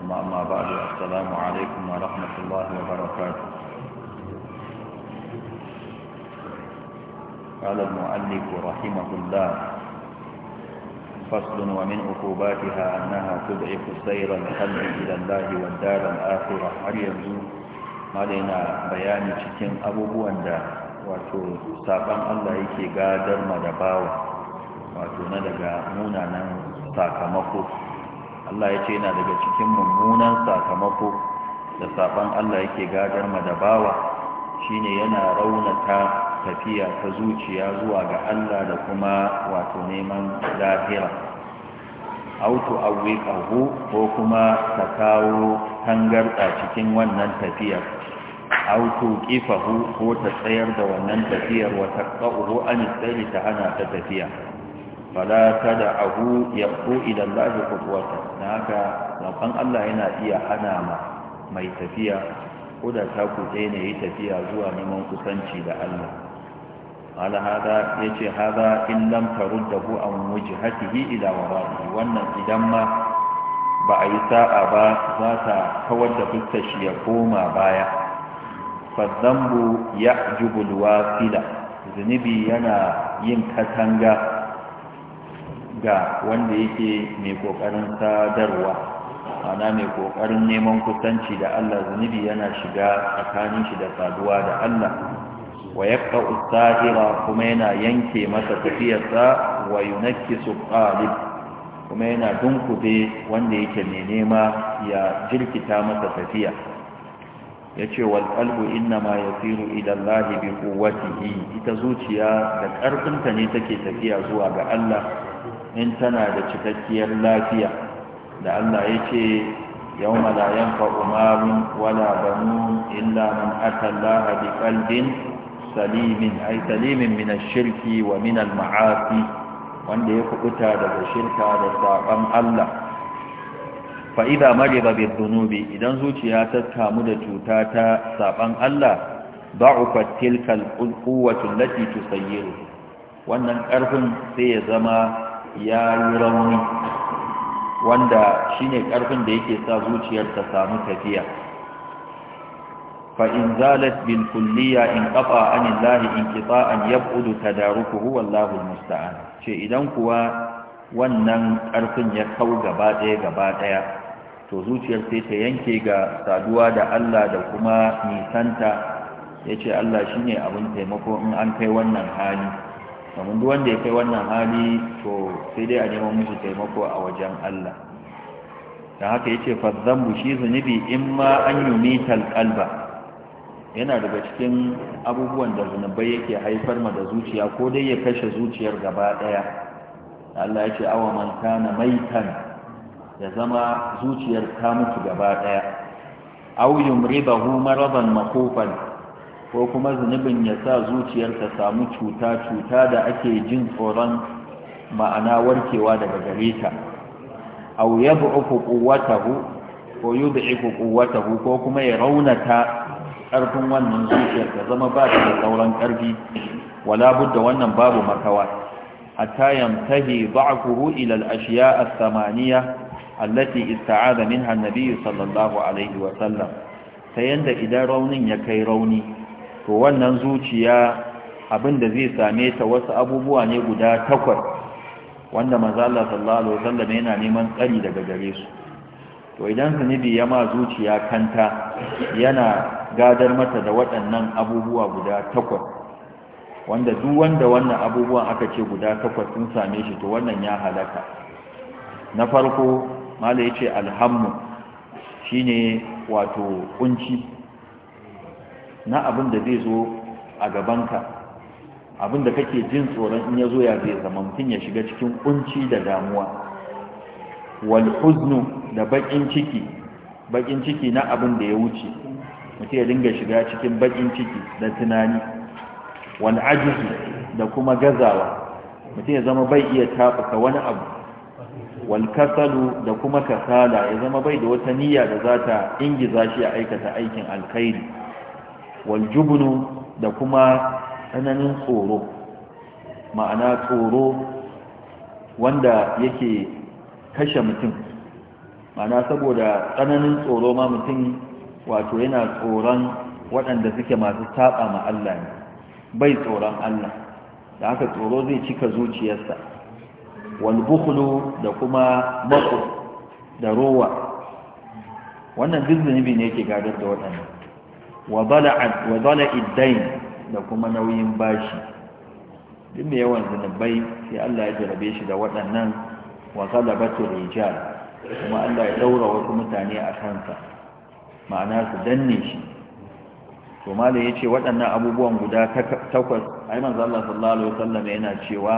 ثم أما بعد السلام عليكم ورحمة الله وبركاته قال المؤلف رحمه الله فصل ومن عقوباتها أنها تضعف سير القلب إلى الله والدار الآخرة هل يبدو علينا بيان cikin abubuwan da wato saban Allah yake gadar ma da bawa wato na daga munanan sakamako Allah ya ce yana daga cikin mummunan sakamako da saban Allah yake gadar ma da bawa shine yana raunata tafiya ta zuciya zuwa ga Allah da kuma wato neman lahira auto awwiqahu ko kuma ta kawo tangarda cikin wannan tafiyar auto qifahu ko ta tsayar da wannan tafiyar wa taqahu an tsari ta hana ta tafiya fala kada abu ya ko idan lafi kutuwata na haka zafan Allah yana iya hana ma mai tafiya ko da ta kuɗe ne yi tafiya zuwa neman kusanci da Allah ala haza ya ce hada in lam ku an wujhatihi ila wara'i wannan idan ma ba a yi sa'a ba za ta kawar da fuskar shi ya koma baya fadzambu ya jubul fila. zunubi yana yin katanga ga wanda yake mai kokarin sadarwa ana mai kokarin neman kusanci da Allah zunubi yana shiga tsakanin shi da saduwa da Allah wa yaqta kuma yana yanke masa tafiyarsa wa yunakkisu qalib kuma yana dunkube wanda yake mai nema ya jirkita masa tafiya yace wal qalbu inma yasiru ila Allah bi quwwatihi ita zuciya da karfinta ne take tafiya zuwa ga Allah in tana da cikakkiyar lafiya da Allah ya ce yau la yanfa wala banu illa man atallaha bi salimin ai salimin min shirki wa min al-ma'asi wanda ya kubuta daga shirka da saban Allah fa'ida idza mariba bi idan zuciya ta kamu da cuta ta saban Allah ba'u tilka al-quwwatu allati tusayyiru wannan ƙarfin sai ya zama ya yi rauni wanda shine ƙarfin da yake sa zuciyar ta samu tafiya in زالت بالكلية انقطع عن الله انقطاعا يبعد تداركه والله المستعان ce idan kuwa wannan ƙarfin ya kau gaba ɗaya gaba ɗaya to zuciyar sai ta yanke ga saduwa da Allah da kuma nisanta ya ce Allah shi ne abin taimako in an kai wannan hali domin duk wanda ya kai wannan hali to sai dai a neman musu taimako a wajen Allah Da haka yace fa dhanbu shi zunubi ma an yumital kalba. yana daga cikin abubuwan da zunubai yake haifar ma da zuciya ko dai ya kashe zuciyar gaba daya Allah ya ce awa man kana maitan ya zama zuciyar ta mutu gaba daya aw hu maraban makofan. ko kuma zunubin ya sa ta samu cuta-cuta da ake jin tsoron ma'ana warkewa daga gare ta au ya bu'uku quwwatahu ko yud'iku quwwatahu ko kuma ya raunata ƙarfin wannan zuciyar ta zama ba da sauran ƙarfi wala budda wannan babu makawa hatta yamtahi da'fuhu ila al-ashiya' ath-thamaniya allati ista'adha minha an sallallahu alaihi wa sallam ta yanda idan raunin ya kai rauni to wannan zuciya abin da zai same ta wasu abubuwa ne guda takwas wanda manzo Allah sallallahu alaihi wasallam yana neman tsari daga gare su to idan zunubi ya ma zuciya kanta yana gadar mata da waɗannan abubuwa guda takwas wanda duk wanda wannan abubuwan aka ce guda takwas sun same shi to wannan ya halaka na farko mala ya ce alhammu shine wato kunci na abin da zai zo a gabanka abin da kake jin tsoron in ya zo ya zai zama mutum ya shiga cikin kunci da damuwa wal huznu da bakin ciki bakin ciki na abin da ya wuce mutum ya dinga shiga cikin bakin ciki da tunani wal da kuma gazawa mutum ya zama bai iya tafuka wani abu wal kasalu da kuma kasala ya zama bai da wata niyya da za ta ingiza shi a aikata aikin alkhairi waljubunu da kuma tsananin tsoro ma'ana tsoro wanda yake kashe mutum ma'ana saboda tsananin tsoro ma mutum wato yana tsoron waɗanda suke masu taɓa ma Allah ne bai tsoron Allah da haka tsoro zai cika zuciyarsa Walbuhlu da kuma mako da rowa wannan duk zunubi ne yake gadar da waɗannan wa zala iddain da kuma nauyin bashi duk mai yawan zunubai sai Allah ya jarabe shi da waɗannan wa galabatu rijal kuma Allah ya daura wasu mutane a kansa ma'ana su danne shi to malam yace waɗannan abubuwan guda takwas ai manzo Allah sallallahu alaihi wasallam yana cewa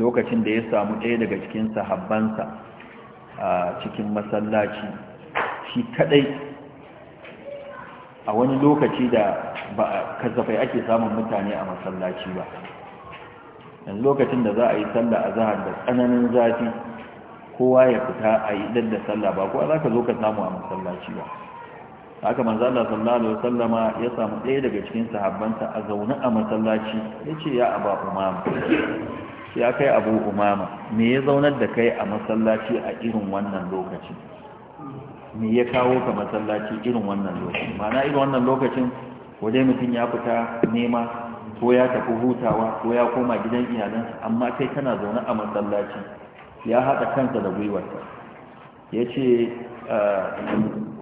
lokacin da ya samu ɗaya daga cikin sahabbansa a cikin masallaci shi kadai a wani lokaci da ba a kasafai ake samun mutane a masallaci ba yanzu lokacin da za a yi sallah a zahar da tsananin zafi kowa ya fita a yi dan da sallah ba kowa za ka zo ka samu a masallaci ba haka manzo Allah sallallahu alaihi wasallama ya samu ɗaya daga cikin sahabbansa a zaune a masallaci yace ya aba umama ya kai abu umama me ya zaunar da kai a masallaci a irin wannan lokacin? me ya kawo ka masallaci irin wannan lokacin? ma'ana irin wannan lokacin wajen mutum ya fita nema ko ya tafi hutawa ko ya koma gidan iyalansa amma kai kana zaune a masallaci ya haɗa kansa da gwiwarsa ya ce ah,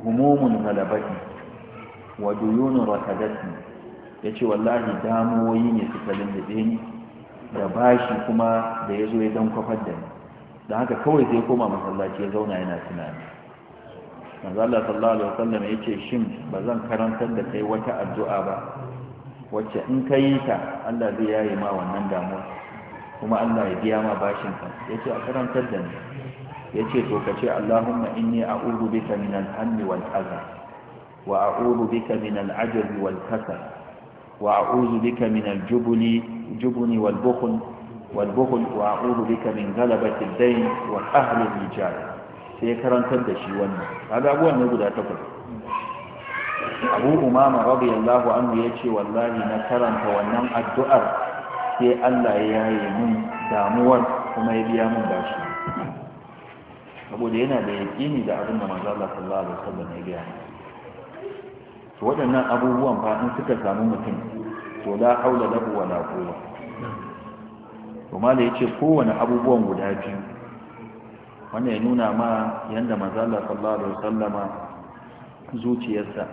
humumun galabati wa duyunun rakadati ya ce wallahi damuwoyi ne su kalin da ɗini da bashi kuma da ya zo ya don kwafar da ni don haka kawai zai koma masallaci ya zauna yana tunani manzo Allah sallallahu alaihi wasallam yace shin bazan karantar da kai wata addu'a ba wacce in ka yi ta Allah zai yaye ma wannan damuwa kuma Allah ya biya ma bashin ka yace a karantar da ni yace to ka ce Allahumma inni a'udhu bika min al-hammi wal hazan wa a'udhu bika min al-ajzi wal kasal wa a'udhu bika min al-jubni jubni wal bukhl min وأعوذ بك من غلبة الدين وأهل الرجال sai karantar da shi wannan kaga abuwan ne guda takwas abu umama radiyallahu anhu ya ce wallahi na karanta wannan addu'ar sai Allah ya yaye min damuwar kuma ya biya min bashi saboda yana da yaƙini da abin da manzo Allah sallallahu alaihi wasallam ya biya. to waɗannan abubuwan ba in suka samu mutum to la haula lahu wala quwwa to da yace kowane abubuwan guda biyu wanda ya nuna ma yadda mazala sallallahu alaihi zuciyarsa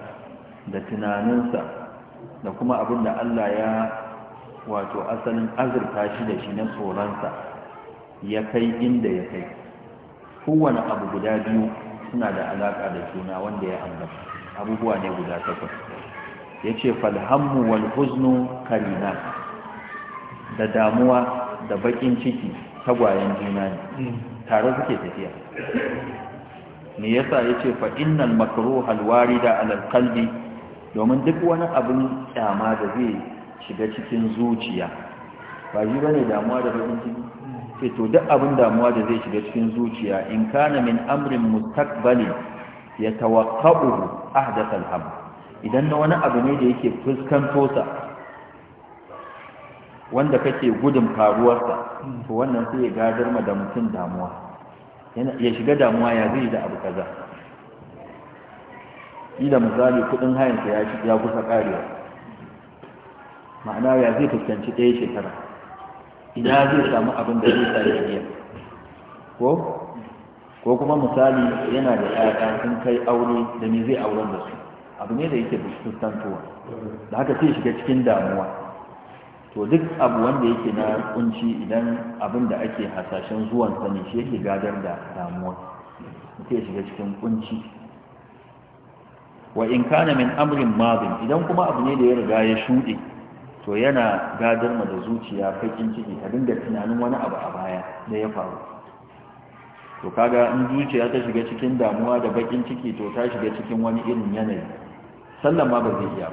da tunaninsa da kuma abin da Allah ya wato asalin azurta shi da shi na tsoronsa ya kai inda ya kai kowane abu guda biyu suna da alaƙa da juna wanda ya ambata abubuwa ne guda takwas ya ce falhammu wal huznu karina da damuwa da baƙin ciki tagwayen juna ne hmm. tare suke tafiya me yasa yace fa innal makruha alwarida ala alqalbi domin duk wani abin kyama da zai shiga cikin zuciya ba ji bane damuwa da bakin ciki sai eh, to duk abin damuwa da zai shiga cikin zuciya in kana min amrin mustaqbali yatawaqqa'u ahdath alham idan wani abu ne da yake fuskanto sa wanda kake gudun faruwarsa to wannan sai ya gadar ma da mutum damuwa ya shiga damuwa ya zai da abu kaza da misali kudin hayansa ya shi ya kusa karewa ma'ana ya zai fuskanci ɗaya shekara ina zai samu abin da zai sa ya ko ko kuma misali yana da ƴaƴa sun kai aure da me zai auren da su abu ne da yake fuskantowa da haka sai shiga cikin damuwa to duk abu wanda yake na kunci idan abin da ake hasashen zuwan sa ne shi yake gadar da damuwa mutum shiga cikin kunci wa in kana min amrin madin idan kuma abu ne da ya riga ya shuɗe to yana gadar ma da zuciya fakin ciki ta dinga tunanin wani abu a baya da ya faru to kaga in zuciya ta shiga cikin damuwa da bakin ciki to ta shiga cikin wani irin yanayi Sallama ba zai iya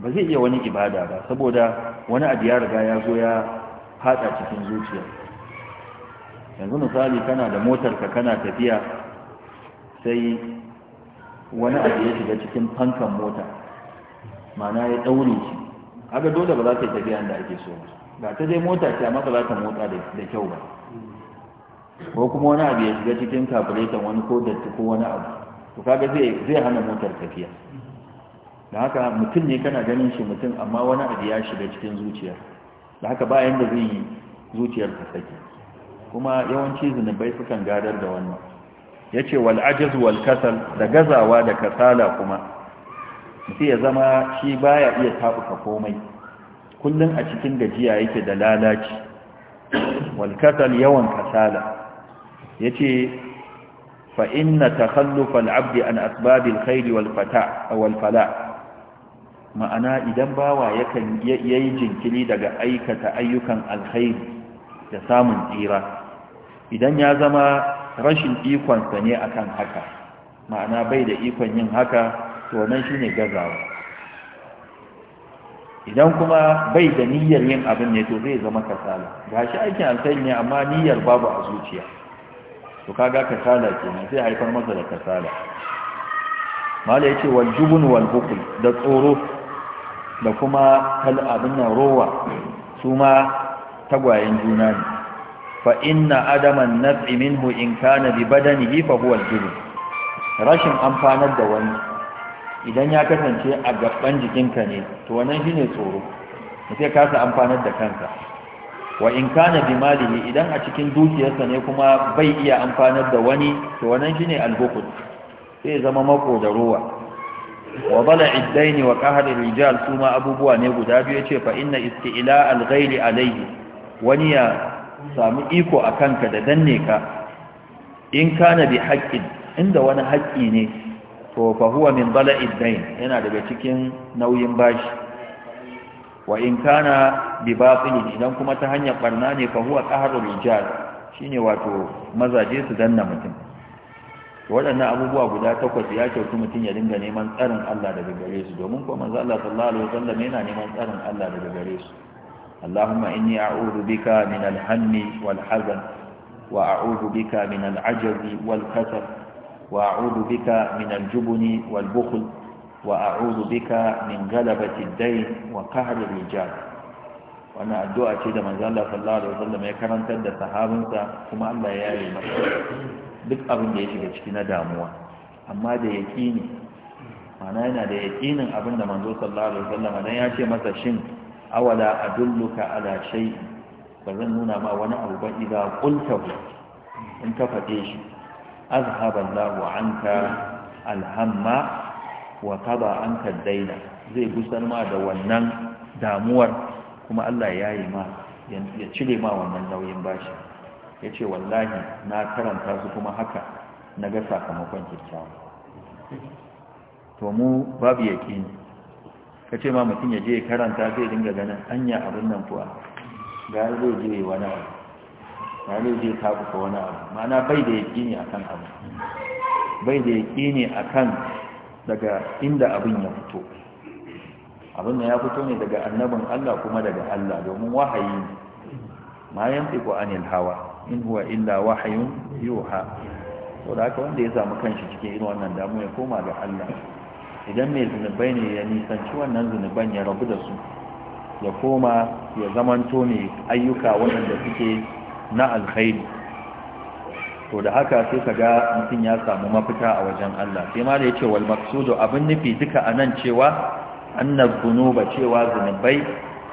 ba zai iya wani ibada ba saboda wani abu ya riga ya zo ya haɗa cikin zuciya yanzu misali kana da motarka kana tafiya sai wani abu ya shiga cikin fankan mota mana ya ɗaure shi aga dole ba za ta yi tafiya da ake so ba ta dai mota ce amma ba za ta motsa da kyau ba ko kuma wani abu ya shiga cikin kafiretan wani ko datti ko wani abu to kaga zai hana motar tafiya da haka mutum ne kana ganin shi mutum amma wani abu ya shiga cikin zuciyar da haka bayan da zai yi zuciyar ta sake kuma yawanci zunubai sukan gadar da wannan ya ce wal'ajiz walkasal da gazawa da kasala kuma mutum ya zama shi baya iya taɓuka komai kullum a cikin gajiya yake da lalaci walkasal yawan kasala ya ce fa'in na takallufal abdi an asbabil khairi walfala ma'ana idan bawa yakan yayi jinkiri daga aikata ayyukan alkhairi da samun tsira idan ya zama rashin ikonsa ne akan haka ma'ana bai da ikon yin haka to nan shine gazawa idan kuma bai da niyyar yin abin ne to zai zama kasala gashi aikin alkhairi ne amma niyyar babu a zuciya to kaga kasala ne sai haifar masa da kasala mala yace wal jubun wal da tsoro da kuma abin nan rowa su ma tagwayen juna ne fa inna adaman naf'i minhu in kana bi badanihi hifa huwa al rashin amfanar da wani idan ya kasance a gaban jikinka ne to wannan ne tsoro sai kasa amfanar da kanka wa in kana bi malihi idan a cikin dukiyarsa ne kuma bai iya amfanar da wani to wannan shi ne bukhul sai zama mako da rowa wa bala iddaini wa qahar rijal suma abubuwa ne guda biyu yace fa inna isti'la al-ghayl wani ya samu iko a kanka da danne ka in kana bi haƙƙin inda wani haƙƙi ne to fa huwa min bala iddain yana daga cikin nauyin bashi wa in kana bi batilin idan kuma ta hanyar barna ne fa huwa qahrul rijal shine wato mazaje su danna mutum waɗannan abubuwa guda takwas ya kyautu mutum ya dinga neman tsarin Allah daga gare su domin kuma manzo Allah sallallahu alaihi wasallam yana neman tsarin Allah daga gare su Allahumma inni a'udhu bika min al-hammi wal hazan wa a'udhu bika min al-'ajazi wal kasal wa a'udhu bika min al-jubni wal bukhl wa a'udhu bika min ghalabati ad-dayn wa qahri al-rijal wannan addu'a ce da manzo Allah sallallahu alaihi wasallam ya karantar da sahabinsa kuma Allah ya yi masa duk abin da ya shiga ciki na damuwa amma da yaƙini mana yana da yaƙinin abin da manzo sallallahu alaihi wasallam dan ya ce masa shin awala adulluka ala shay ba zan nuna ma wani abu ba idan qulta in ka faɗe shi azhaba Allahu anka alhamma wa qada anka daina zai gusar ma da wannan damuwar kuma Allah ya yi ma ya cire ma wannan nauyin bashi ya ce wallahi na karanta su kuma haka na ga sakamakon kyakkyawa to mu babu ne ka ce ma mutum ya je karanta zai dinga ganin anya abin nan kuwa ga zai je wani abu ga zai je takuka wani abu mana bai da ne a kan abu bai da ne a kan daga inda abin ya fito abin da ya fito ne daga annabin Allah kuma daga Allah domin wahayi ma ko anil hawa in huwa illa wahayun yuha to da haka wanda ya samu kanshi cikin irin wannan damu ya koma ga Allah idan mai zunubai ne ya nisanci wannan zunuban ya rabu da su ya koma ya zamanto ne ayyuka waɗanda suke na alkhairi to da haka sai ka ga mutum ya samu mafita a wajen Allah sai ma da ya ce wal maksudu abin nufi duka anan nan cewa annar zunuba cewa zunubai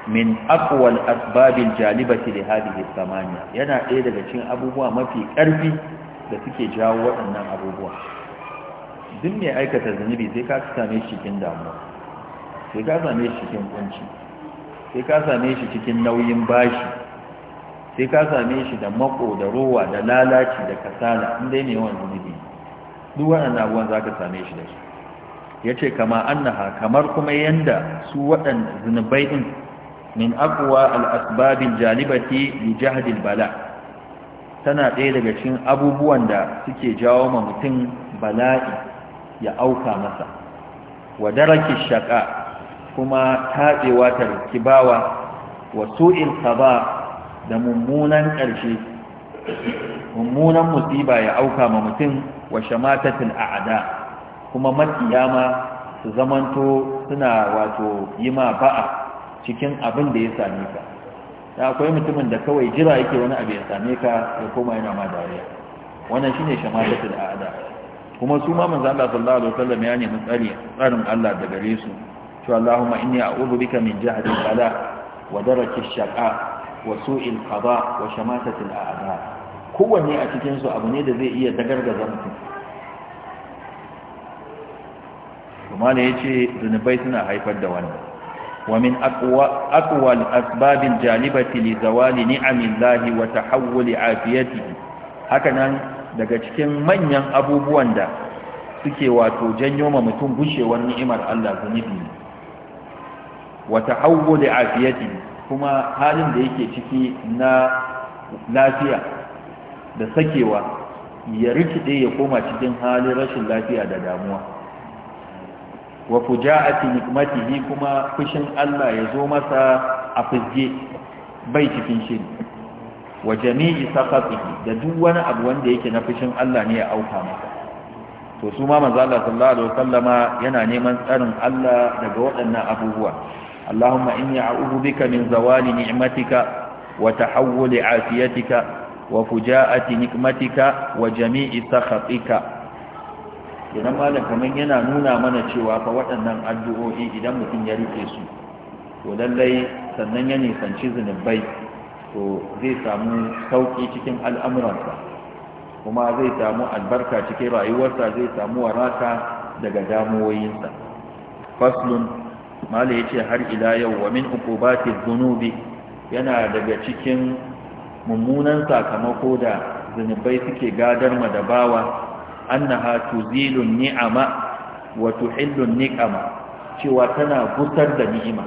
min aqwal asbabil jalibati li hadhihi samaniya yana ɗaya daga cikin abubuwa mafi ƙarfi da suke jawo waɗannan abubuwa duk mai aikata zunubi sai ka same shi cikin damuwa sai ka same shi cikin kunci sai ka same shi cikin nauyin bashi sai ka same shi da mako da rowa da lalaci da kasala in dai ne yawan zunubi duk waɗannan abubuwan za ka same shi da su ya ce kama annaha kamar kuma yanda su waɗanda zunubai din. min abuwa al-asbab al-jalibati li bala tana ɗaya daga cikin abubuwan da suke jawo ma mutum bala'i ya auka masa wa daraki shaqa kuma tabewa ta rikibawa wa su'il da mummunan ƙarshe mummunan musiba ya auka ma mutum wa shamatatul a'ada, kuma makiyama su zamanto suna wato yi ma ba'a cikin abin da ya same ka da akwai mutumin da kawai jira yake wani abu ya same ka ya koma yana ma dariya wannan shine shamatatul a'da kuma su ma manzo Allah sallallahu alaihi wasallam ya nemi tsari tsarin Allah da gare su to Allahumma inni a'udhu bika min jahdi al-bala wa daraki ash-shaqa wa su'i al-qada wa shamatati ada kowanne a cikin su abu ne da zai iya dagargaza mutum kuma ne yace zunubai suna haifar da wannan ومن أقوى, أقوى الأسباب الجالبة لزوال نعم الله وتحول عافيته هكذا daga cikin manyan abubuwan da suke wato janyo ma mutum gushewar ni'imar Allah zunubi ne wa tahawwul afiyati kuma halin da yake ciki na lafiya da sakewa ya rikide ya koma cikin halin rashin lafiya da damuwa wa a hikmatihi kuma fushin Allah ya zo masa a fizge bai cikin shiri wa jami'i sakatihi da duk wani abu wanda yake na fushin Allah ne ya auka masa to su ma manzo Allah sallallahu alaihi wasallama yana neman tsarin Allah daga waɗannan abubuwa Allahumma inni a'udhu bika min zawali ni'matika wa tahawwuli 'afiyatika wa fujaati nikmatika wa jami'i sakhatika idan malam kamar yana nuna mana cewa fa waɗannan addu'o'i idan mutum ya rike su to lallai sannan ya nisanci zunubai to zai samu sauƙi cikin al'amuransa kuma zai samu albarka cikin rayuwarsa zai samu waraka daga damuwoyinsa faslun mala ya ce har ila yau wa min ukubati zunubi yana daga cikin mummunan sakamako da zunubai suke gadar ma da bawa annaha tuzilu ni'ama wa tuhillu niqama cewa tana gusar da ni'ima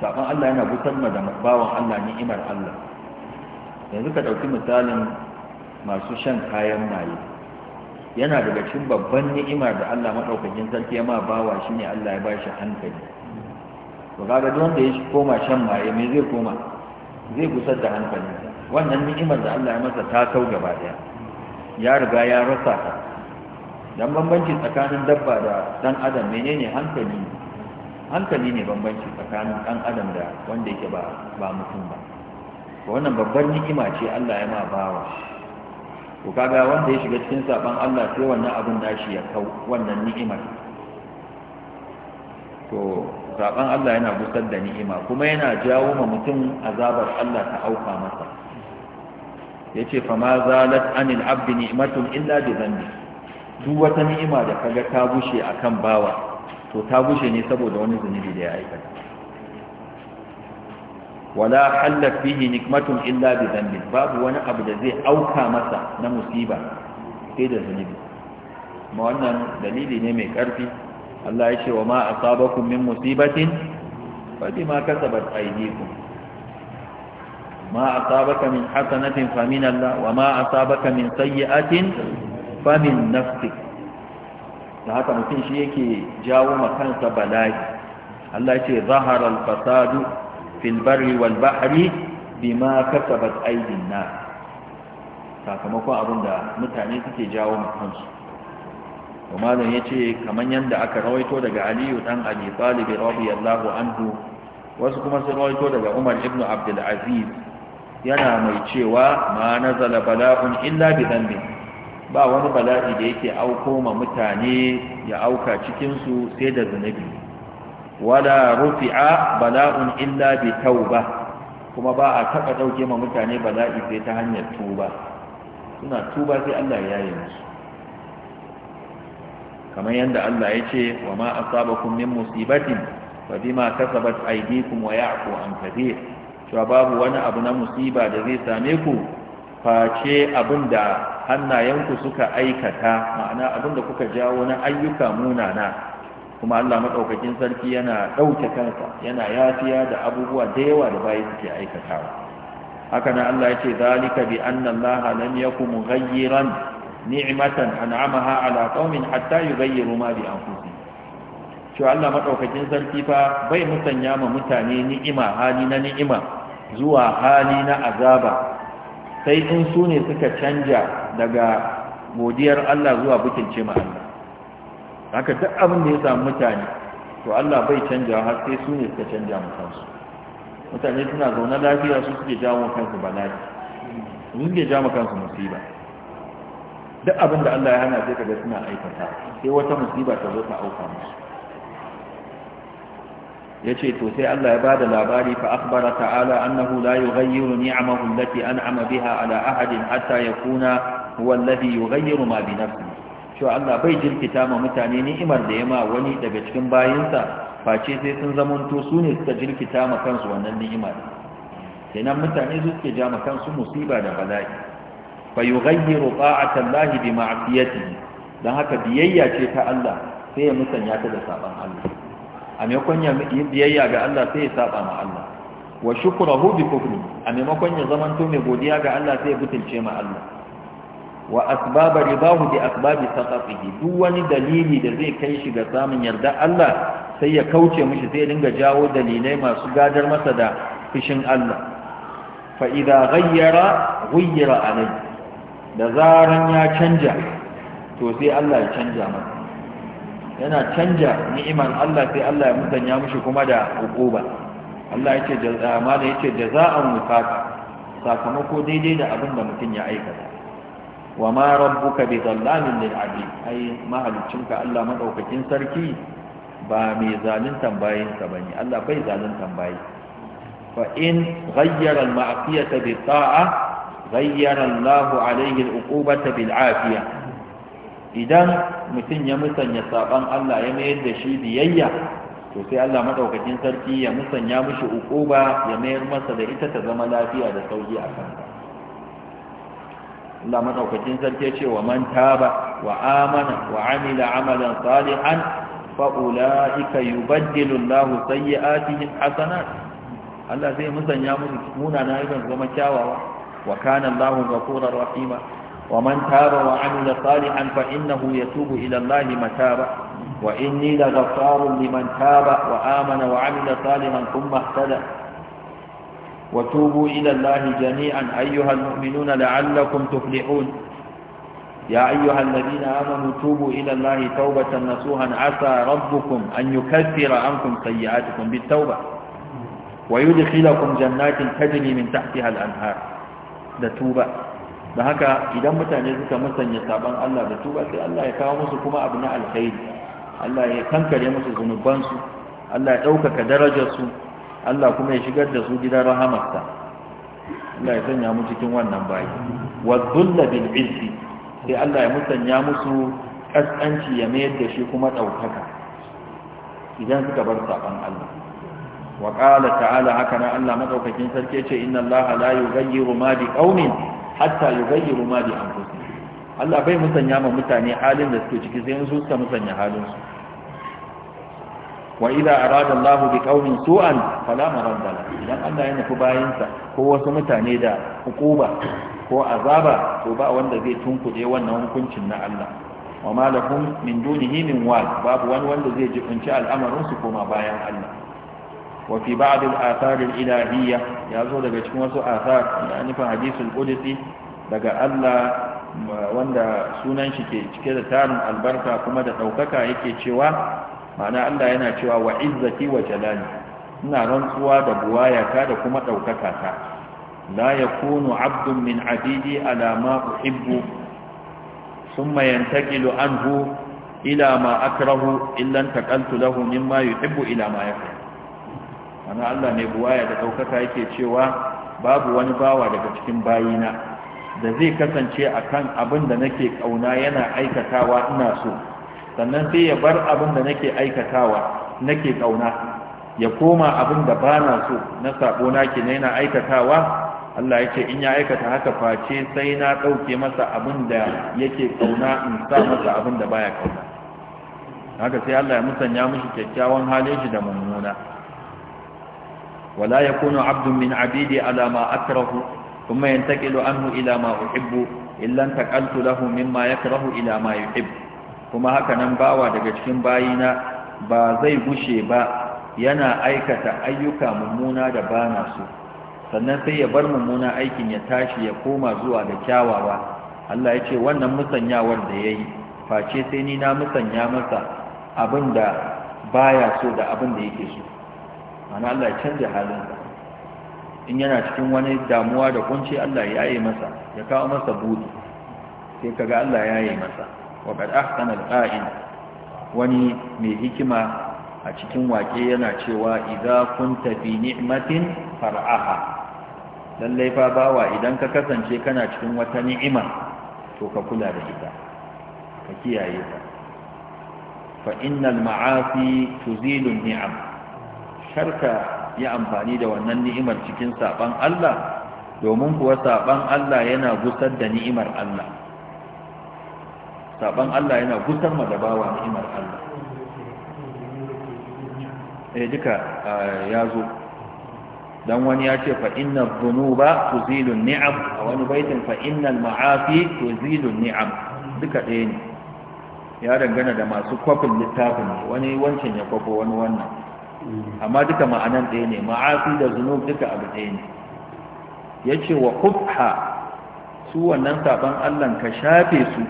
saban Allah yana gusar da bawan Allah ni'imar Allah yanzu ka dauki misalin masu shan kayan maye yana daga cikin babban ni'imar da Allah madaukakin sarki ya ma bawa shine Allah ya bashi hankali to kaga duk wanda ya koma shan maye me zai koma zai gusar da hankali wannan ni'imar da Allah ya masa ta sau gaba daya ya riga ya rasa ta dan bambanci tsakanin dabba da dan adam menene hankali hankali ne bambanci tsakanin dan adam da wanda yake ba ba mutum ba wannan babbar ni'ima ce Allah ya ma bawa Ku kaga wanda ya shiga cikin saban Allah sai wannan abin nashi ya kau wannan ni'imar to saban Allah yana busar da ni'ima kuma yana jawo ma mutum azabar Allah ta auka masa ya ce fa ma zalat anil abdi illa bi dhanbi duk wata ni'ima da kaga ta bushe akan bawa to ta bushe ne saboda wani zunubi da ya aikata wala hallat fihi nikmatun illa bi dhanbi babu wani abu da zai auka masa na musiba sai da zunubi ma wannan dalili ne mai karfi Allah ya ce wa ma asabakum min musibatin fa bima ne aydikum ما أصابك من حسنة فمن الله وما أصابك من سيئة فمن نفسك da haka mutum shi yake jawo makansa bala'i Allah ce zahara al-fasadu fil barri wal bahri bima sakamakon abin da mutane suke jawo makansu to malam yace kamar yanda aka rawaito daga Aliyu dan Abi Talib radiyallahu anhu wasu kuma sun rawaito daga Umar ibn Abdul yana mai cewa ma nazala bala'un illa bi dhanbi ba wani bala'i da yake auko ma mutane ya auka cikin su sai da zunubi wala rufi'a bala'un illa bi tauba kuma ba a taba dauke ma mutane bala'i sai ta hanyar tuba suna tuba sai Allah ya yi musu kamar yadda Allah ya ce wa ma asabakum min musibatin fa bima kasabat aydikum wa ya'fu an kathir cewa babu wani abu na musiba da zai same ku face abin da hannayenku suka aikata ma'ana abin da kuka jawo na ayyuka munana kuma Allah maɗaukakin sarki yana ɗauke kansa yana yafiya da abubuwa da yawa da bayi suke aikatawa haka nan Allah ya ce zalika bi anna Allah lam yakum mughayyiran ni'matan an'amaha ala qaumin hatta yughayyiru ma bi anfusihim cewa Allah maɗaukakin sarki fa bai musanya ma mutane ni'ima hali na ni'ima zuwa hali na azaba sai in su ne suka canja daga godiyar Allah zuwa bikince ma Allah haka duk abin da ya samu mutane to Allah bai canja har sai su ne suka canja mu kansu mutane suna zaune lafiya su suke jawo kansu bala'i su suke jawo kansu musiba duk abin da Allah ya hana sai kaga suna aikata sai wata musiba ta zo ta auka musu Ya ce to sai Allah ya bada labari fa akhbara ta'ala annahu la yughayyiru ni'amahu allati an'ama biha ala ahadin hatta yakuna huwa alladhi yughayyiru ma bi nafsihi to Allah bai jirkita ma mutane ni'imar da ya ma wani daga cikin bayinsa face sai sun zamanto su ne suka jirkita ma kansu wannan ni'imar kenan mutane su suke ja ma kansu musiba da bala'i fa yughayyiru ta'ata Allah bi ma'siyatihi dan haka biyayya ce ta Allah sai ya musanya ta da saban Allah a maimakon yi biyayya ga Allah sai ya saba ma Allah wa shukrahu bi kufri a maimakon ya zamanto mai godiya ga Allah sai ya butulce ma Allah wa asbab ridahu bi asbab saqatihi duk wani dalili da zai kai shi ga samun yarda Allah sai ya kauce mishi sai ya dinga jawo dalilai masu gadar masa da fishin Allah fa idza ghayyara ghayyara alai da zaran ya canja to sai Allah ya canja masa yana canja ni'imar Allah sai Allah ya musanya mushi kuma da hukuma Allah yake jaza ah, mala yake jaza'an wifaqa sakamako daidai da abin da mutum ya aikata wa ma rabbuka bi zallamin lil abid ai mahaliccinka Allah madaukakin sarki ba mai zaluntan bayinsa bane Allah bai zaluntan bayi fa in ghayyara al ma'siyata bi ta'a ghayyara Allah alayhi al uqubata bil afiya idan mutum ya musanya saban Allah ya mayar da shi biyayya to sai Allah madaukakin sarki ya musanya mishi uquba ya mayar masa da ita ta zama lafiya da sauki a kansa Allah madaukakin sarki ya ce wa man taba wa amana wa amila amalan salihan fa ulaika yubaddilu Allahu sayyi'atihim hasanat Allah zai musanya musu munana ayyukan zama kyawawa wa kana Allahu ghafurur rahima ومن تاب وعمل صالحا فإنه يتوب إلى الله متابا وإني لغفار لمن تاب وآمن وعمل صالحا ثم اهتدى وتوبوا إلى الله جميعا أيها المؤمنون لعلكم تفلحون يا أيها الذين آمنوا توبوا إلى الله توبة نصوحا عسى ربكم أن يكثر عنكم سيئاتكم بالتوبة ويدخلكم جنات تجري من تحتها الأنهار ده توبة da haka idan mutane suka musanya sabon Allah da tuba sai Allah ya kawo musu kuma abu na alkhairi Allah ya kankare musu zunubansu Allah ya ɗaukaka darajarsu Allah kuma ya shigar da su gidan rahamarsa Allah ya sanya mu cikin wannan bayi wa dhulla bil izzi sai Allah ya musanya musu kaskanci ya mayar da shi kuma ɗaukaka idan suka bar sabon Allah wa qala ta'ala haka na Allah madaukakin sarki ya ce inna Allah la yughayyiru ma bi qaumin hatta yughayyiru ma bi anfusihim Allah bai musanya ma mutane halin da suke ciki sai su suka musanya halinsu su wa idza arada Allahu bi qaumin su'an fala maradda idan Allah ya nufi bayansa ko wasu mutane da hukuma ko azaba to ba wanda zai tunkuɗe wannan hukuncin na Allah wa ma lahum min dunihi min wal babu wani wanda zai jibinci al'amarin su koma bayan Allah wa fi ba'd al-athar al ya zo daga cikin wasu asar da nufin hadisul qudsi daga Allah wanda sunan shi ke cike da tarin albarka kuma da daukaka yake cewa ma'ana Allah yana cewa wa izzati wa jalali ina rantsuwa da buwayata da kuma ɗaukaka ta la yakunu abdun min abidi ala ma uhibbu thumma yantaqilu anhu ila ma akrahu illa taqaltu lahu mimma yuhibbu ila ma wani Allah ne buwaya da ɗaukaka yake cewa babu wani bawa daga cikin bayina da zai kasance a kan abin da nake ƙauna yana aikatawa ina so sannan sai ya bar abin da nake aikatawa nake ƙauna ya koma abin da ba na so na na ke na yana aikatawa Allah ya ce in ya aikata haka face sai na ɗauke masa abin da yake ƙauna in sa masa abin da baya ƙauna haka sai Allah ya musanya mishi kyakkyawan halin shi da mummuna ولا يكون عبد من عبيدي على ما أكره ثم ينتقل عنه إلى ما أحب إلا انتقلت له مما يكره إلى ما يحب kuma haka nan bawa daga cikin bayina ba zai gushe ba yana aikata ayyuka mummuna da bana so. sannan sai ya bar mummuna aikin ya tashi ya koma zuwa da kyawawa Allah ya ce wannan musanyawar da ya yi face sai ni na musanya masa abin da baya so da abin da yake so ana Allah ya canja halinsa in yana cikin wani damuwa da kunci Allah ya yi masa ya kawo masa buɗi sai kaga Allah ya yi masa wa qad ahsana al-qa'il wani mai hikima a cikin wake yana cewa idza kunta fi ni'matin far'aha lallai fa bawa idan ka kasance kana cikin wata ni'ima to ka kula da ita ka kiyaye ta fa innal ma'asi tuzilu ni'am karka yi amfani da wannan ni'imar cikin saban Allah domin kuwa saban Allah yana gusar da ni'imar Allah saban Allah yana gusar ma da bawa ni'imar Allah eh duka eh, ya zo dan wani ya ce fa inna dhunuba tuzilu ni'am a wani baitin fa innal ma'afi tuzilu ni'am duka ɗaya ne ya dangana da masu kwafin littafin wani wancan ya kwafo wani wannan amma duka ma'anan ɗaya ne ma'afi da zunub duka abu ɗaya ne ya ce wa kubha su wannan saban allah ka shafe su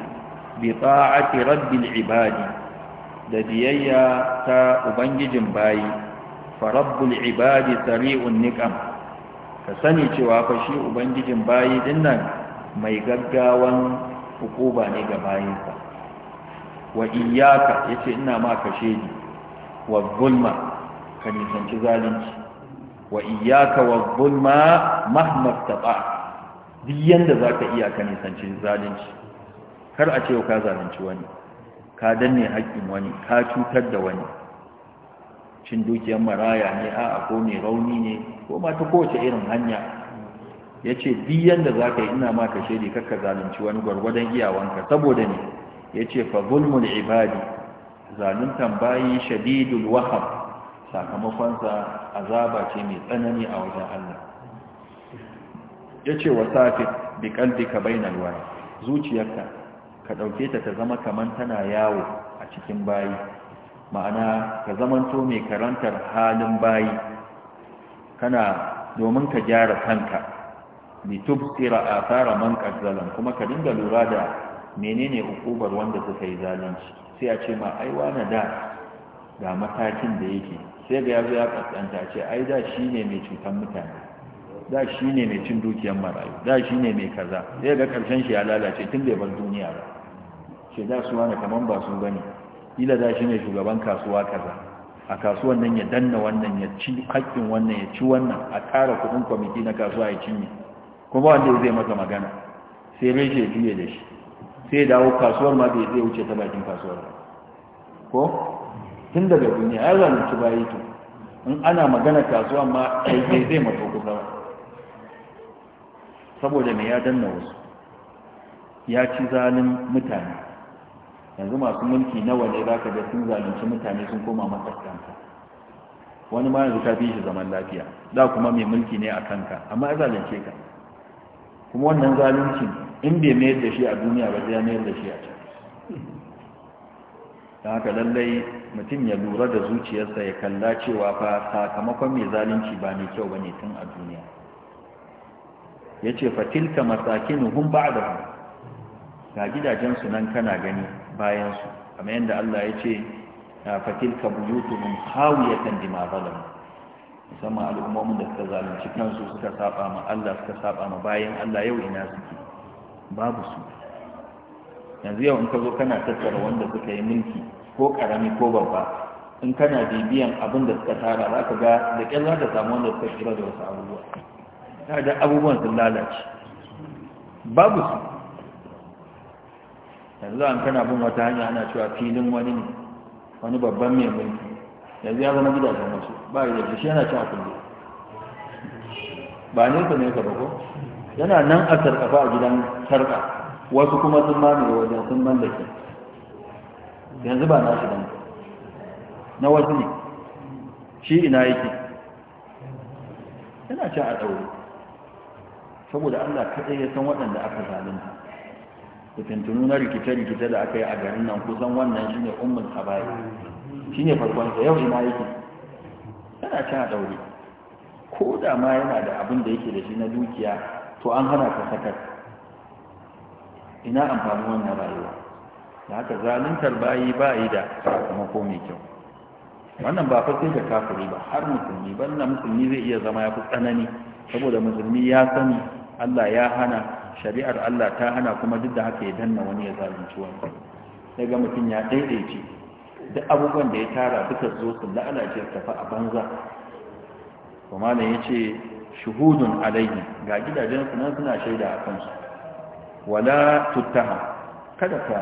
bi ta'ati rabbil ibadi da biyayya ta ubangijin bayi fa rabbul ibadi sari'un niqam ka sani cewa fa shi ubangijin bayi dinnan mai gaggawan hukuba ne ga bayinsa wa iyyaka yace ina ma kashe ni wa zulma ka nisanci zalunci wa iyaka wa zulma mahma taba duk yanda ka iya ka nisanci zalunci kar a ce ka zalunci wani ka danne haƙƙin wani ka cutar da wani cin dukiyar maraya ne a ko mai rauni ne ko ma ta kowace irin hanya ya ce duk yanda za ka yi ina ma ka shaidi kakka zalunci wani gwargwadon iyawanka saboda ne ya ce fa zulmul ibadi zaluntan bayi shadidul wahab sakamakonsa azaba ce mai tsanani a wajen Allah ya ce wa safi bi kalbika bainal wara zuciyarka ka dauke ta ta zama kaman tana yawo a cikin bayi ma'ana ka zamanto mai karantar halin bayi kana domin ka gyara kanka litubtira athara man qazzalan kuma ka dinga lura da menene uƙubar wanda suka yi zalunci sai a ce ma aiwa na da ga matakin da yake sai ga yazo ya kaskanta ce ai da shi ne mai cutan mutane da shi ne mai cin dukiyar marayu da shi ne mai kaza sai ga karshen shi ya lalace tun bai bar duniya ba ce da su wani kaman ba su bane ila da shi ne shugaban kasuwa kaza a kasuwan nan ya danna wannan ya ci haƙƙin wannan ya ci wannan a ƙara kuɗin kwamiti na kasuwa ya cinye kuma wanda zai masa magana sai rai shi juye da shi sai dawo kasuwar ma bai zai wuce ta bakin kasuwar ko tun daga duniya ya zalunci bayi to in ana magana kasuwa ma bai zai mato kusa ba saboda me ya danna wasu ya ci zalin mutane yanzu masu mulki nawa ne za ka ga sun zalunci mutane sun koma makaskanta wani ma yanzu ka fi shi zaman lafiya da kuma mai mulki ne a kanka amma ya zalunce ka kuma wannan zaluncin in bai mayar da shi a duniya ba zai mayar da shi a can don haka lallai mutum ya lura da zuciyarsa ya kalla cewa fa sakamakon mai zalunci ba mai kyau ba ne tun a duniya ya ce fatilka masakinu hun ba da ga gidajensu nan kana gani bayansu amma yadda Allah ya ce fatilka ya kan bima zalun musamman al'ummomin da suka zalunci kansu suka saba ma Allah suka saba ma bayan Allah yau ina suke babu su yanzu yau in ka zo kana tattara wanda suka yi mulki ko karami ko babba in kana bibiyan abin da suka tara za ka ga da ƙyar za ka samu wanda suka shira da wasu abubuwa ta da abubuwan sun lalace babu su yanzu an kana bin wata hanya ana cewa filin wani ne wani babban mai mulki yanzu ya zama gidajen wasu ba yi shi yana cewa kullum ba nesa ne ka ba ko yana nan a sarkafa a gidan sarƙa wasu kuma sun mamaye wajen sun mallake yanzu ba shi ba na wasu ne shi ina yake yana ci a ɗaure saboda allah kaɗai ya san waɗanda aka Da tuntunu na rikice-rikice da aka yi a garin nan kusan wannan shi ne ummin sabayi shi ne farkon sa yau ina yake yana ci a ɗaure ko da ma yana da abin da yake da shi na dukiya to an hana ka sakar ina amfanin wannan rayuwa da haka zaluntar bayi ba yi da sakamako mai kyau wannan ba fa sai da kafiri ba har musulmi banda musulmi zai iya zama ya fi tsanani saboda musulmi ya sani Allah ya hana shari'ar Allah ta hana kuma duk da haka ya danna wani ya zalunci wani daga mutum ya daidaice duk abubuwan da ya tara duka zo su la'alace su tafi a banza kuma ne ya ce shuhudun alaihi ga gidajen su nan suna shaida a kansu wala tuttaha kada ka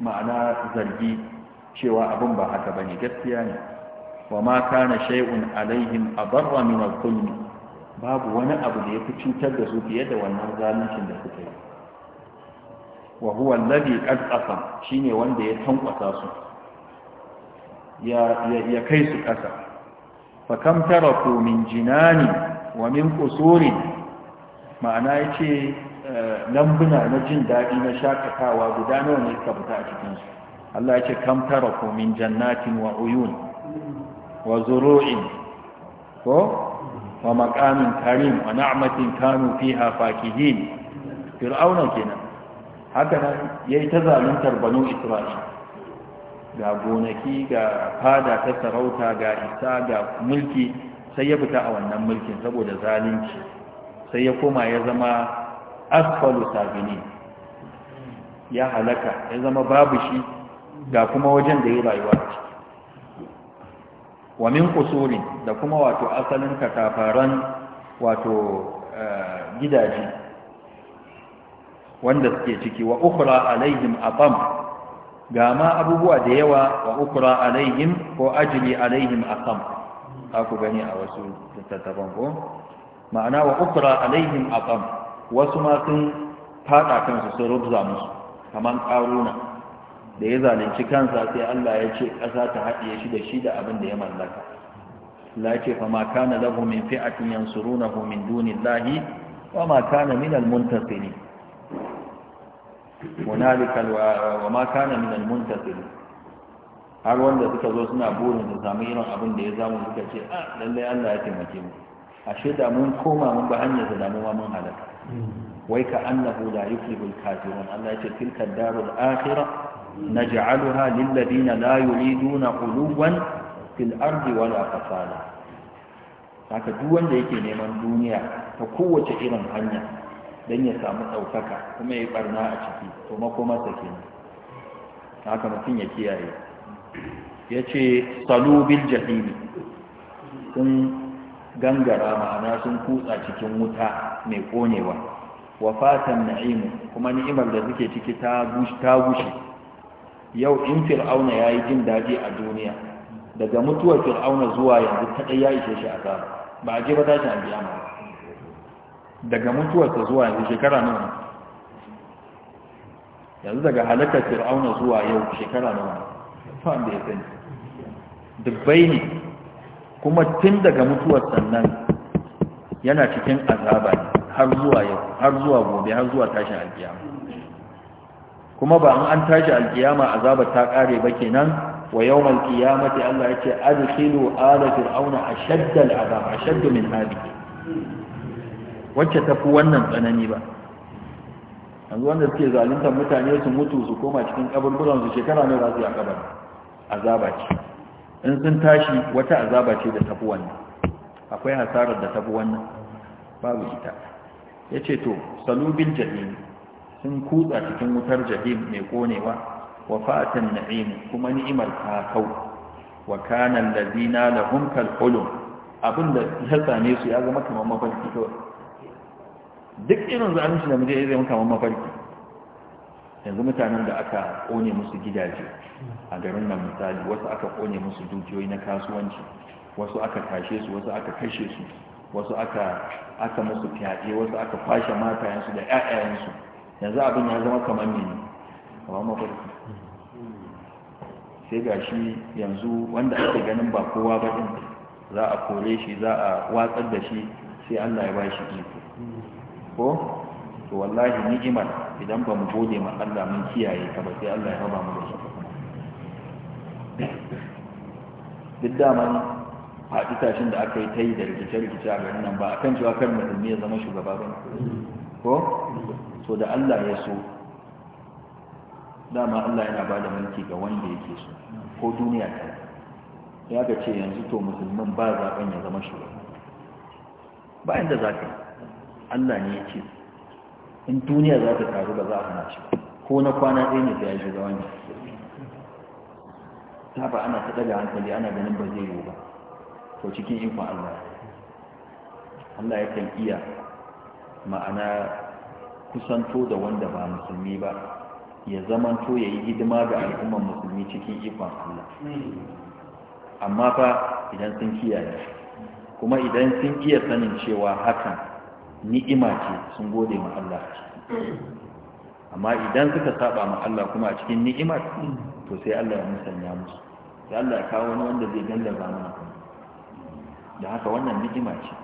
ma'ana zargi cewa abin ba haka bane gaskiya ne wa ma kana shay'un alaihim adarra min al-kulm babu wani abu da yafi cutar da su fiye da wannan zaluncin da suka yi wa huwa alladhi qad asam shine wanda ya tankwasa su ya ya kai su kasa fa kam taraku min jinani wa min qusurin ma'ana yace Eh, lambuna na jin daɗi na shakatawa guda nawa ne suka fita a cikinsu Allah ya ce kam tara ko min jannatin wa uyun wa zuru'in ko wa maqamin karim wa na'matin kanu fiha fakihin fir'auna kenan haka nan yayi ta zaluntar banu isra'il ga gonaki ga fada ta sarauta ga isa ga mulki sai ya fita a wannan mulkin saboda zalunci sai ya koma ya zama asfalu sabini ya halaka ya zama babu shi ga kuma wajen da ya rayuwa ciki wa min kusurin da kuma wato asalin katafaran wato eh, gidaje wanda suke ciki wa ukura alaihim atam ga ma abubuwa da yawa wa ukura alaihim ko ajili alaihim Za ku gani a wasu tattaban ko ma'ana wa ukura alaihim atam wasu ma sun fada kansu sun rubza musu kamar karuna da ya zalunci kansa sai Allah ya ce ƙasa ta haɗiye shi da shi da abin da ya mallaka la ce fa ma kana lahu min fi'atin yansurunahu min dunillahi wa ma kana min almuntasirin hunalika wa ma kana min almuntasirin har wanda suka zo suna burin su samu irin abin da ya zamu suka ce a ah, lallai Allah ya taimake mu ashe da mun koma mun ba hanyar da mu ma mun halaka wai ka annahu la yuflihul kafirun Allah yace tilka darul akhirah naj'aluha lil ladina la yuriduna quluwan fil ardi wala fasada haka duk wanda yake neman duniya ta kowace irin hanya dan ya samu ɗaukaka kuma ya barna a ciki to makomarsa kenan haka mutum ya kiyaye ya ce bil jahili sun gangara ma'ana sun kutsa cikin wuta mai konewa wa fatan na'imu kuma ni'imar da suke ciki ta gushe yau in fir'auna ya yi jin daji a duniya daga mutuwar fir'auna zuwa yanzu ta dai ya ishe shi a gaba ba a je ba tashi an biya ma daga ta zuwa yanzu shekara nawa yanzu daga halakar fir'auna zuwa yau shekara nawa ba an da ya sani dubbai ne kuma tun daga mutuwar sannan yana cikin azaba har zuwa har zuwa gobe har zuwa tashin alkiyama kuma ba an an tashi alkiyama azaba ta kare ba kenan wa yawmal qiyamati Allah yace adkhilu ala fir'auna ashadda al'azab ashadda min hadhihi wacce tafi wannan tsanani ba yanzu wanda suke zalunta mutane su mutu su koma cikin kaburburan su shekara ne za su yi a kabar azaba ce in sun tashi wata azaba ce da tafi wannan akwai hasarar da tafi wannan babu ita ya ce to salubin jahim sun kutsa cikin wutar jahim mai konewa wa fatan na'im kuma ni'imar ta kau wa kana allazina lahum kal hulum abinda ya same su ya zama kamar mafarki kawai duk irin zalunci da mutum ya zama kamar mafarki yanzu mutanen da aka kone musu gidaje a garin nan misali wasu aka kone musu dukiyoyi na kasuwanci wasu aka tashe su wasu aka kashe su wasu aka aka musu fyaɗe wasu aka kwashe matayensu da ƴaƴayensu yanzu abin ya zama kamar mini, kamar mafarki sai ga shi yanzu wanda ake ganin ba kowa ba ɗin za a kore shi za a watsar da shi sai allah ya ba shi iko ko to wallahi ni'imar idan ba mu gode ma Allah mun kiyaye ta ba sai Allah ya raba mu da shi duk daman faɗi tashin da aka yi ta yi da rikice-rikice a garin nan ba a kan cewa kan musulmi ya zama shugaba ba ko so da Allah ya so dama Allah yana ba da mulki ga wanda yake so ko duniya ta ya ga ce yanzu to musulman ba zaɓen ya zama shugaba ba inda za ka Allah ne ya ce in duniya za ta taru ba za a hana shi ko na kwana ɗaya ne da ya shiga wani ta ba ana ta ɗaga hankali ana ganin ba zai yiwu ba to cikin ikon allah allah yakan iya ma'ana kusanto da wanda ba musulmi ba ya zamanto ya yi hidima ga al'umman musulmi cikin ikon allah amma fa idan sun kiyaye kuma idan sun iya sanin cewa hakan ni'ima ce sun gode ma Allah amma idan suka saba ma Allah kuma a cikin ni'ima to sai Allah ya musanya musu sai Allah ya kawo wani wanda zai ba mu da haka wannan ni'ima ce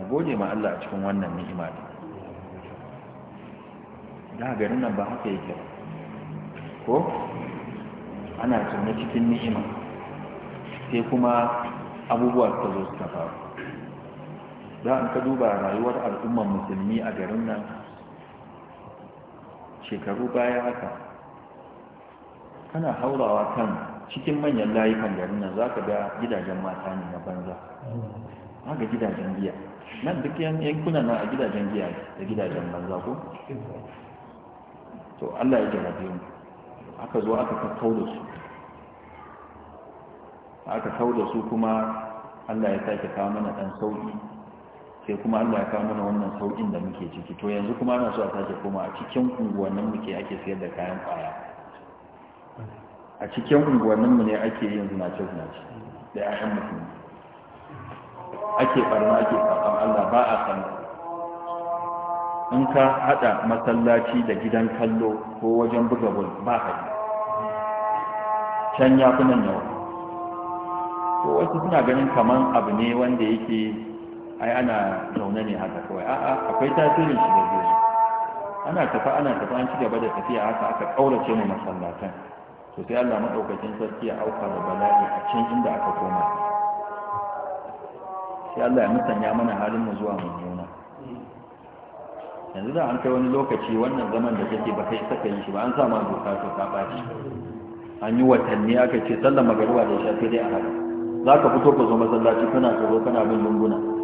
mu gode ma Allah a cikin wannan ni'ima din da garin nan ba haka yake ko ana tunne cikin ni'ima sai kuma abubuwa ta zo suka faru za an ka duba rayuwar al'ummar musulmi a garin nan shekaru baya haka kana haurawa kan cikin manyan layukan garin nan za ka ga gidajen mata ne na banza ga gidajen giya nan duk yankuna na a gidajen giya da gidajen banza ko to allah ya jarabe mu aka zo aka kakkau da su aka kau da su kuma allah ya sake kawo mana ɗan sauki. sai kuma Allah ya kawo mana wannan sauƙin da muke ciki to yanzu kuma ana so a sake koma a cikin unguwannin muke ake sayar da kayan kwaya a cikin unguwannin mu ne ake yin zinace zinace da ƴaƴan mutum ake barna ake saban Allah ba a san in ka hada masallaci da gidan kallo ko wajen buga bol ba yi can ya fi nan yawa to wasu suna ganin kaman abu ne wanda yake ai ana zaune ne haka kawai a'a akwai tasirin shi da biyu ana tafa ana tafa an ci gaba da tafiya haka aka kaurace mu masallatan to sai Allah madaukakin sarki ya auka da bala'i a can inda aka koma sai Allah ya musanya mana halin mu zuwa mummuna yanzu da an kai wani lokaci wannan zaman da kake ba kai saka yi shi ba an sa ma doka to ta baci an yi watanni aka ce sallar magaruwa da shafi dai a haka za ka fito ka zo masallaci kana tsoro kana bin lunguna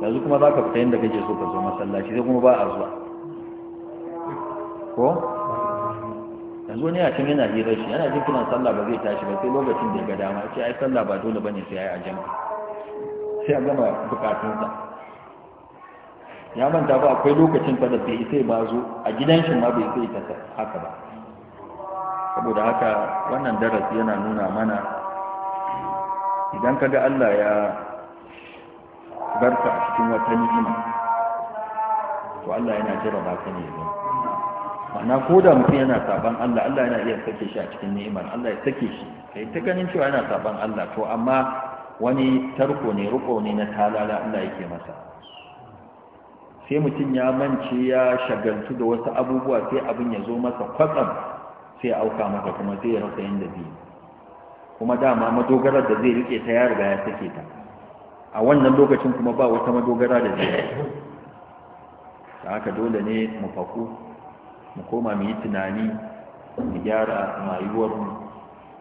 yanzu kuma za ka fita yadda kake so ka zo masallaci sai kuma ba a zuwa ko yanzu wani yakin yana hira shi yana jin kiran sallah ba zai tashi ba sai lokacin da ya ga dama ce ai sallah ba dole bane sai ya yi a jami'a sai a gama bukatunsa ya manta ba akwai lokacin fa da bai ba zo a gidan shi ma bai sai ta haka ba saboda haka wannan darasi yana nuna mana idan ka ga Allah ya bar a cikin wata ni'ima to Allah yana jira ba ne ba ma'ana ko da mutum yana saban Allah Allah yana iya sake shi a cikin ni'imar Allah ya sake shi kai ta ganin cewa yana saban Allah to amma wani tarko ne ruko ne na talala Allah yake masa sai mutum ya mance ya shagaltu da wasu abubuwa sai abin ya zo masa kwatsam sai ya auka masa kuma sai ya rasa yin da zai kuma dama madogarar da zai rike ta ya riga ya sake ta a wannan lokacin kuma ba wata madogara da zai da haka dole ne mu faku mu koma mu yi tunani mu gyara mayuwarmu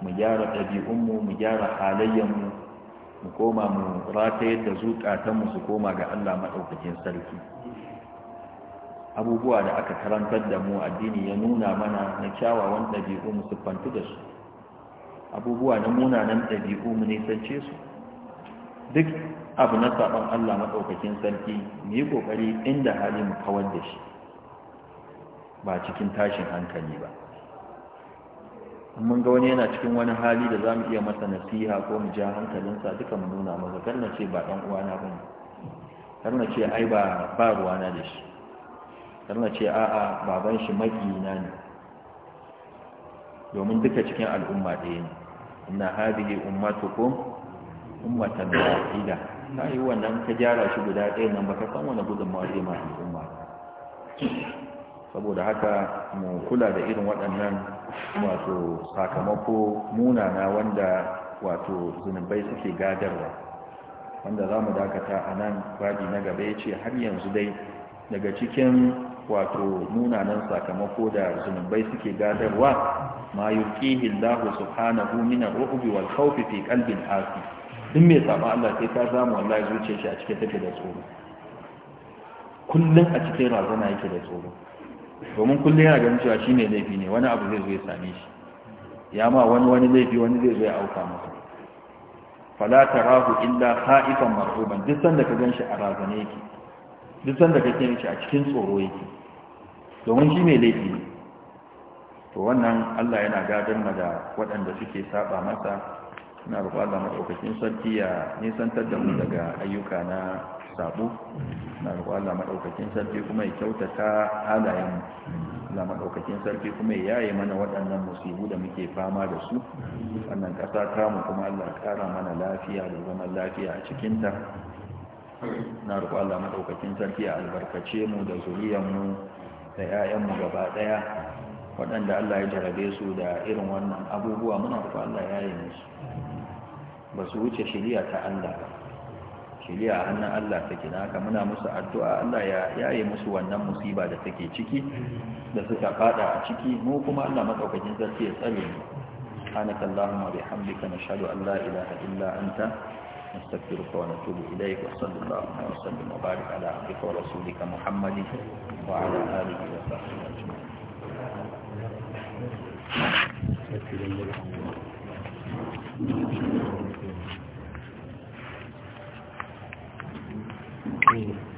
mu gyara ɗabi'unmu mu gyara halayyarmu mu koma mu rata yadda zuƙatanmu su koma ga Allah maɗaukakin sarki abubuwa da aka karantar da mu addini ya nuna mana na kyawawan ɗabi'u mu siffantu da su abubuwa na munanan ɗabi'u mu nisance su duk abu na sabon Allah maɗaukakin sarki mu yi ƙoƙari inda hali mu kawar da shi ba cikin tashin hankali ba mun ga wani yana cikin wani hali da za mu iya masa nasiha ko mu ja hankalinsa duka mu nuna masa kar na ce ba ɗan uwana ba ne kar na ce ai ba ba ruwana da shi kar na ce a'a baban shi maƙiyina ne domin duka cikin al'umma ɗaya ne ina inna hadhihi ummatukum ummatan wahida ta wannan ka gyara shi guda ɗaya nan baka san wani gudunmawa zai ma al'umma saboda haka mu kula da irin waɗannan wato sakamako muna na wanda wato zunubai suke gadarwa wanda za mu dakata a nan babi na gaba ya ce har yanzu dai daga cikin wato munanan sakamako da zunubai suke gadarwa ma yuqihi Allahu subhanahu min wal khawfi fi qalbin asi duk mai saba Allah sai ka samu Allah ya zuce shi a cikin take da tsoro kullum a cikin razana yake da tsoro domin kullum yana ganin cewa shi laifi ne wani abu zai zo ya same shi ya ma wani wani laifi wani zai zo ya auka masa fala tarahu illa khaifan marhuban duk sanda ka ganshi a razana yake duk sanda ka kike shi a cikin tsoro yake domin shi mai laifi ne to wannan Allah yana gadar da waɗanda suke saba masa na roƙon Allah sarki ya nisantar da mu daga ayyuka na sabo na roƙon Allah sarki kuma ya kyautata halayen Allah maɗaukakin sarki kuma ya yaye mana waɗannan musibu da muke fama da su wannan ƙasa ta kuma Allah ƙara mana lafiya da zaman lafiya a cikinta na roƙon Allah sarki ya albarkace mu da zuriyarmu da 'ya'yanmu gaba ɗaya waɗanda Allah ya jarabe su da irin wannan abubuwa muna roƙon Allah ya yi musu ba su wuce shiriya ta Allah ba a hannun Allah ta na haka muna musu addu'a Allah ya yi musu wannan musiba da take ciki da suka fada a ciki mu kuma Allah madaukakin sarki ya tsare mu سبحانك اللهم وبحمدك نشهد أن لا إله إلا أنت نستغفرك ونتوب إليك وصلى الله وسلم وبارك على عبدك wa محمد na آله وصحبه أجمعين Mm.